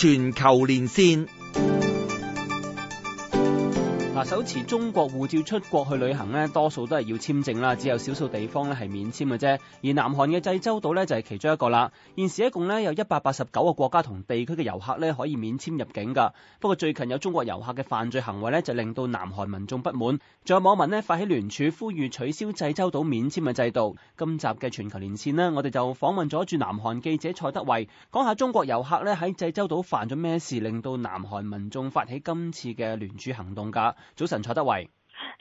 全球連線。嗱，手持中國護照出國去旅行咧，多數都係要簽證啦，只有少數地方咧係免簽嘅啫。而南韓嘅濟州島呢，就係其中一個啦。現時一共呢，有一百八十九個國家同地區嘅遊客呢，可以免簽入境㗎。不過最近有中國遊客嘅犯罪行為呢，就令到南韓民眾不滿。仲有網民呢，發起聯署，呼籲取消濟州島免簽嘅制度。今集嘅全球連線呢，我哋就訪問咗駐南韓記者蔡德蕙，講下中國遊客呢，喺濟州島犯咗咩事，令到南韓民眾發起今次嘅聯署行動㗎。早晨，蔡德蕙。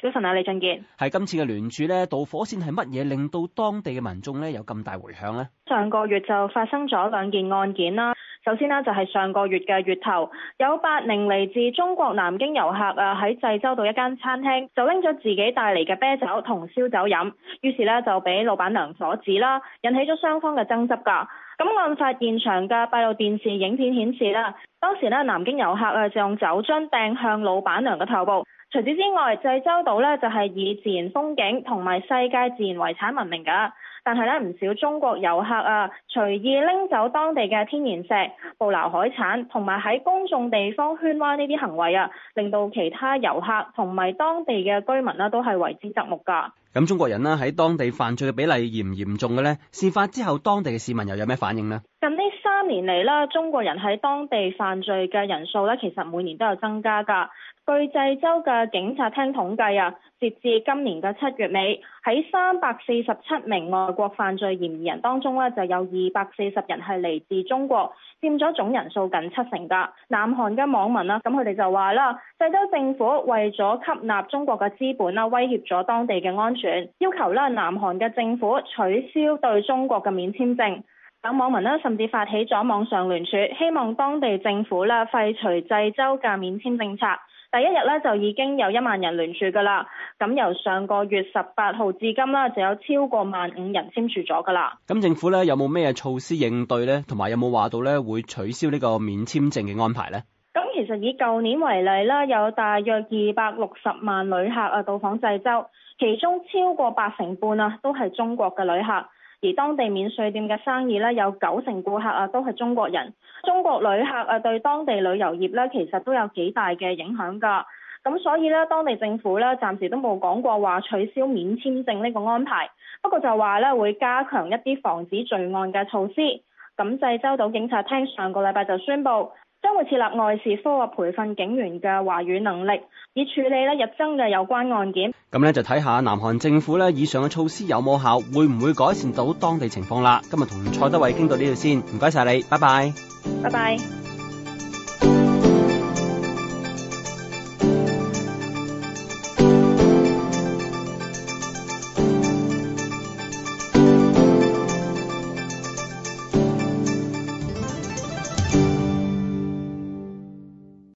早晨啊，李俊杰。係今次嘅聯署咧，導火線係乜嘢令到當地嘅民眾咧有咁大回響咧？上個月就發生咗兩件案件啦。首先咧就係上個月嘅月頭，有八名嚟自中國南京遊客啊喺濟州道一間餐廳就拎咗自己帶嚟嘅啤酒同燒酒飲，於是咧就俾老闆娘阻止啦，引起咗雙方嘅爭執。噶咁案發現場嘅閉路電視影片顯示啦，當時咧南京遊客啊就用酒樽掟向老闆娘嘅頭部。除此之外，濟州島咧就係以自然風景同埋世界自然遺產聞名㗎。但係咧唔少中國遊客啊，隨意拎走當地嘅天然石、捕撈海產同埋喺公眾地方圈灣呢啲行為啊，令到其他遊客同埋當地嘅居民啦都係為之側目㗎。咁中國人啦喺當地犯罪嘅比例嚴唔嚴重嘅呢？事發之後，當地嘅市民又有咩反應呢？年嚟啦，中國人喺當地犯罪嘅人數呢，其實每年都有增加㗎。據濟州嘅警察廳統計啊，截至今年嘅七月尾，喺三百四十七名外國犯罪嫌疑人當中呢，就有二百四十人係嚟自中國，佔咗總人數近七成㗎。南韓嘅網民啦，咁佢哋就話啦，濟州政府為咗吸納中國嘅資本啦，威脅咗當地嘅安全，要求呢南韓嘅政府取消對中國嘅免簽證。等網民呢甚至發起咗網上聯署，希望當地政府呢廢除濟州嘅免簽政策。第一日呢，就已經有一萬人聯署㗎啦。咁由上個月十八號至今啦，就有超過萬五人簽署咗㗎啦。咁政府呢，有冇咩措施應對呢？同埋有冇話到呢會取消呢個免簽證嘅安排呢？咁其實以舊年為例啦，有大約二百六十萬旅客啊到訪濟州，其中超過八成半啊都係中國嘅旅客。而當地免稅店嘅生意咧，有九成顧客啊，都係中國人。中國旅客啊，對當地旅遊業咧，其實都有幾大嘅影響㗎。咁所以咧，當地政府咧，暫時都冇講過話取消免簽證呢個安排。不過就話咧，會加強一啲防止罪案嘅措施。咁濟州島警察廳上個禮拜就宣布。將會設立外事科，培訓警員嘅華語能力，以處理咧日增嘅有關案件。咁咧就睇下南韓政府咧以上嘅措施有冇效，會唔會改善到當地情況啦？今日同蔡德蕙傾到呢度先，唔該晒你，拜拜，拜拜。